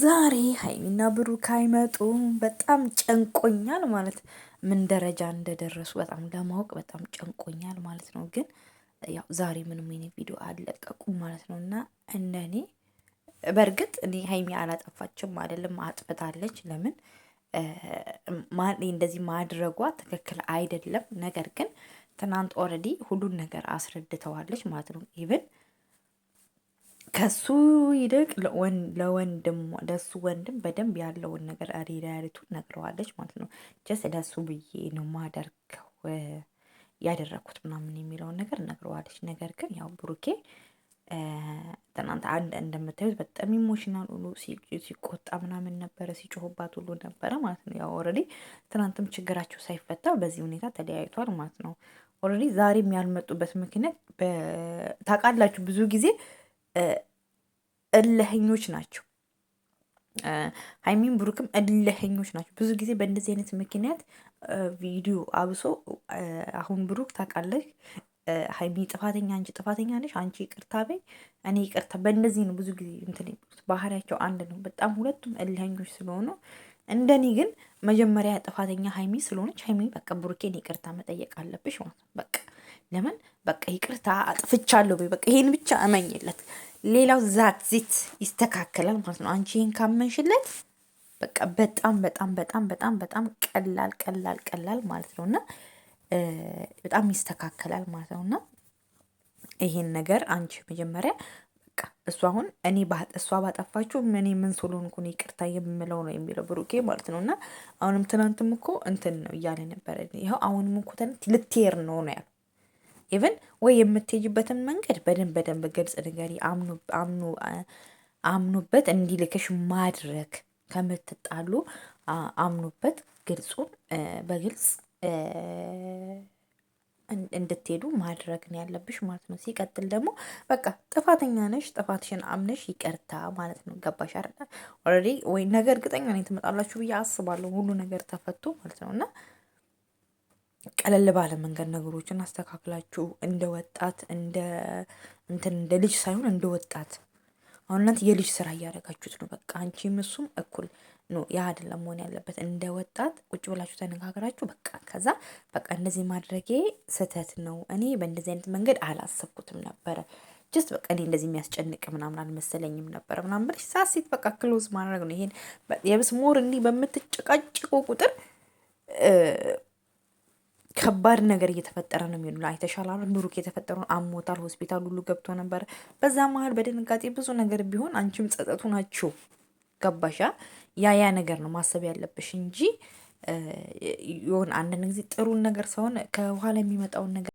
ዛሬ ሀይሚና ብሩክ ካይመጡ በጣም ጨንቆኛል ማለት ምን ደረጃ እንደደረሱ በጣም ለማወቅ በጣም ጨንቆኛል ማለት ነው። ግን ያው ዛሬ ምንም አይነት ቪዲዮ አልለቀቁም ማለት ነው እና እንደኔ በእርግጥ እኔ ሀይሚ አላጠፋችም አይደለም፣ አጥፍታለች። ለምን እንደዚህ ማድረጓ ትክክል አይደለም። ነገር ግን ትናንት ኦልሬዲ ሁሉን ነገር አስረድተዋለች ማለት ነው ኢቭን ከሱ ይልቅ ለወንድም ለሱ ወንድም በደንብ ያለውን ነገር ሪያሊቱን ነግረዋለች ማለት ነው። ጀስ ለሱ ብዬ ነው ማደርገው ያደረግኩት ምናምን የሚለውን ነገር ነግረዋለች። ነገር ግን ያው ብሩኬ ትናንት አንድ እንደምታዩት በጣም ኢሞሽናል ሁሉ ሲቆጣ ምናምን ነበረ፣ ሲጮሁባት ሁሉ ነበረ ማለት ነው። ያው ኦልሬዲ ትናንትም ችግራቸው ሳይፈታ በዚህ ሁኔታ ተለያይቷል ማለት ነው። ኦልሬዲ ዛሬም ያልመጡበት ምክንያት ታውቃላችሁ ብዙ ጊዜ እልህኞች ናቸው። ሀይሚን ብሩክም እልህኞች ናቸው። ብዙ ጊዜ በእንደዚህ አይነት ምክንያት ቪዲዮ አብሶ አሁን ብሩክ ታውቃለህ፣ ሀይሚ ጥፋተኛ አንቺ ጥፋተኛ ነሽ፣ አንቺ ይቅርታ በይ፣ እኔ ይቅርታ። በእንደዚህ ነው ብዙ ጊዜ እንትን ባህሪያቸው አንድ ነው። በጣም ሁለቱም እልህኞች ስለሆኑ እንደኔ ግን መጀመሪያ ጥፋተኛ ሀይሚ ስለሆነች ሀይሚ በቃ ብሩኬን ይቅርታ መጠየቅ አለብሽ ማለት ነው። በቃ ይቅርታ አጥፍቻለሁ በይ በቃ ይሄን ብቻ እመኝለት። ሌላው ዛት ዚት ይስተካከላል ማለት ነው። አንቺ ይሄን ካመንሽለት በቃ በጣም በጣም በጣም በጣም በጣም ቀላል ቀላል ቀላል ማለት ነው እና በጣም ይስተካከላል ማለት ነው እና ይሄን ነገር አንቺ መጀመሪያ እሱ አሁን እኔ እሷ ባጠፋችሁ እኔ ምን ስለሆንኩ ይቅርታ የምለው ነው የሚለው ብሩኬ ማለት ነው እና አሁንም ትናንትም እኮ እንትን ነው እያለ ነበረ። ይኸው አሁንም እኮ ልትሄድ ነው ነው ያልኩት ኢቨን ወይ የምትሄጅበትን መንገድ በደንብ በደንብ ግልጽ ንገሪ። አምኑበት እንዲልክሽ ማድረግ ከምትጣሉ አምኖበት ግልጹን በግልጽ እንድትሄዱ ማድረግ ነው ያለብሽ ማለት ነው። ሲቀጥል ደግሞ በቃ ጥፋተኛ ነሽ፣ ጥፋትሽን አምነሽ ይቅርታ ማለት ነው። ገባሽ አይደል? ኦልሬዲ ወይ ነገ እርግጠኛ ነኝ ትመጣላችሁ ብዬ አስባለሁ። ሁሉ ነገር ተፈቶ ማለት ነው እና ቀለል ባለ መንገድ ነገሮችን አስተካክላችሁ እንደ ወጣት እንደ እንትን እንደ ልጅ ሳይሆን እንደ ወጣት አሁን እናንተ የልጅ ስራ እያደረጋችሁት ነው። በቃ አንቺም እሱም እኩል ነው። ያ አይደለም መሆን ያለበት። እንደ ወጣት ቁጭ ብላችሁ ተነጋግራችሁ በቃ ከዛ በቃ እንደዚህ ማድረጌ ስህተት ነው፣ እኔ በእንደዚህ አይነት መንገድ አላሰብኩትም ነበረ፣ ጀስት በቃ እኔ እንደዚህ የሚያስጨንቅ ምናምን አልመሰለኝም ነበረ ምናምን ብለሽ ሳሴት በቃ ክሎዝ ማድረግ ነው። ይሄን የብስ ሞር እንዲህ በምትጨቃጭቁ ቁጥር ከባድ ነገር እየተፈጠረ ነው የሚሉ አይተሻል። ብሩክ የተፈጠረውን አሞታል፣ ሆስፒታል ሁሉ ገብቶ ነበር። በዛ መሀል በድንጋጤ ብዙ ነገር ቢሆን አንቺም ጸጠቱ ናችሁ። ገባሻ? ያ ያ ነገር ነው ማሰብ ያለብሽ እንጂ የሆነ አንዳንድ ጊዜ ጥሩን ነገር ሳይሆን ከኋላ የሚመጣውን ነገር